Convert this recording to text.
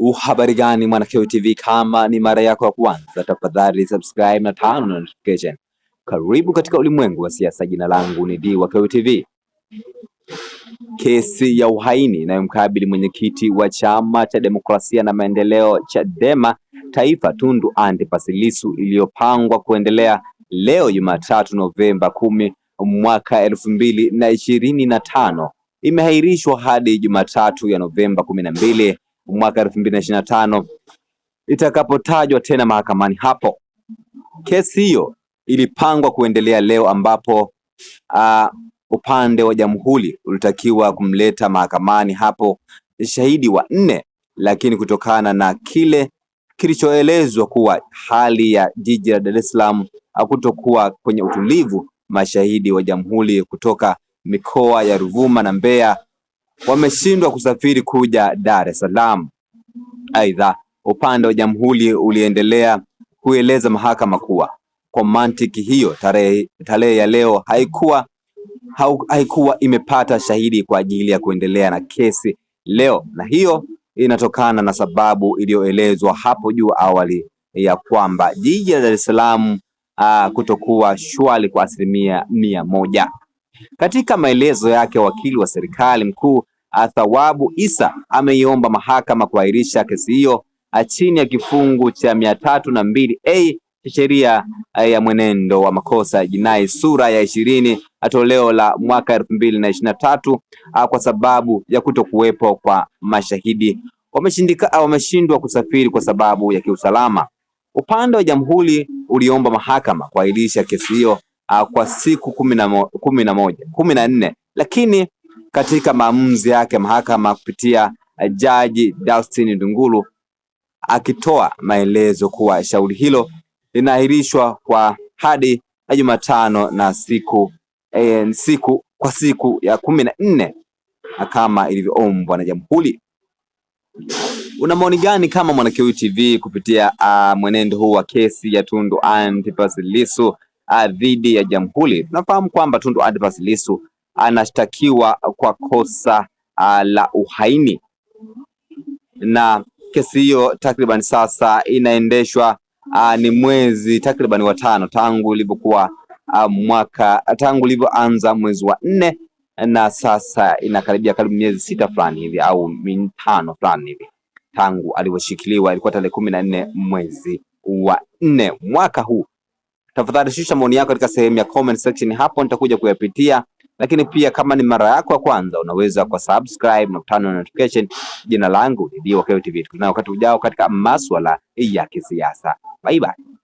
Uhabari gani mwana TV, kama ni mara yako ya kwanza, tafadhali subscribe na tano na notification. Karibu katika ulimwengu wa siasa. Jina langu ni D wa TV. Kesi ya uhaini inayomkabili mwenyekiti wa chama cha demokrasia na maendeleo Chadema Taifa Tundu Antipas Lissu iliyopangwa kuendelea leo Jumatatu Novemba kumi mwaka elfu mbili na ishirini na tano imeahirishwa hadi Jumatatu ya Novemba kumi na mbili mwaka elfu mbili na ishirini na tano itakapotajwa tena mahakamani hapo. Kesi hiyo ilipangwa kuendelea leo ambapo uh, upande wa jamhuri ulitakiwa kumleta mahakamani hapo shahidi wa nne, lakini kutokana na kile kilichoelezwa kuwa hali ya jiji la Dar es Salaam hakutokuwa kwenye utulivu, mashahidi wa jamhuri kutoka mikoa ya Ruvuma na Mbeya wameshindwa kusafiri kuja Dar es Salaam. Aidha, upande wa jamhuri uliendelea kueleza mahakama kuwa kwa mantiki hiyo tarehe tarehe ya leo haikuwa haikuwa imepata shahidi kwa ajili ya kuendelea na kesi leo, na hiyo inatokana na sababu iliyoelezwa hapo juu awali ya kwamba jiji la Dar es Salaam ah, kutokuwa shwari kwa asilimia mia moja. Katika maelezo yake, wakili wa serikali mkuu Athawabu Isa ameiomba mahakama kuahirisha kesi hiyo chini ya kifungu cha mia tatu na mbili a cha sheria ya mwenendo wa makosa jinai sura ya ishirini toleo la mwaka elfu mbili na ishirini na tatu kwa sababu ya kutokuwepo kwa mashahidi wameshindwa kusafiri kwa sababu ya kiusalama. Upande wa jamhuri uliomba mahakama kuahirisha kesi hiyo kwa siku kumi na moja kumi na nne lakini katika maamuzi yake, mahakama kupitia eh, Jaji Dustin Ndunguru akitoa maelezo kuwa shauri hilo linaahirishwa kwa hadi eh, Jumatano na siku eh, siku kwa siku ya kumi na nne kama ilivyoombwa na jamhuri. Una maoni gani kama Mwanakewi TV kupitia uh, mwenendo huu wa kesi ya Tundu Antipas Lissu ah, dhidi uh, ya jamhuri? Tunafahamu kwamba Tundu Antipas Lissu anashtakiwa kwa kosa uh, la uhaini na kesi hiyo takriban sasa inaendeshwa uh, ni mwezi takriban wa tano tangu ilivyokuwa uh, mwaka tangu ilivyoanza mwezi wa nne na sasa inakaribia karibu miezi sita fulani hivi au mitano fulani hivi tangu alivyoshikiliwa, ilikuwa tarehe kumi na nne mwezi wa nne mwaka huu. Tafadhali shusha maoni yako katika sehemu ya comment section hapo, nitakuja kuyapitia lakini pia kama ni mara yako ya kwanza, unaweza kwa subscribe na kutana notification. Jina langu ni Wakeo TV, tukutana wakati ujao katika maswala ya kisiasa. Bye bye.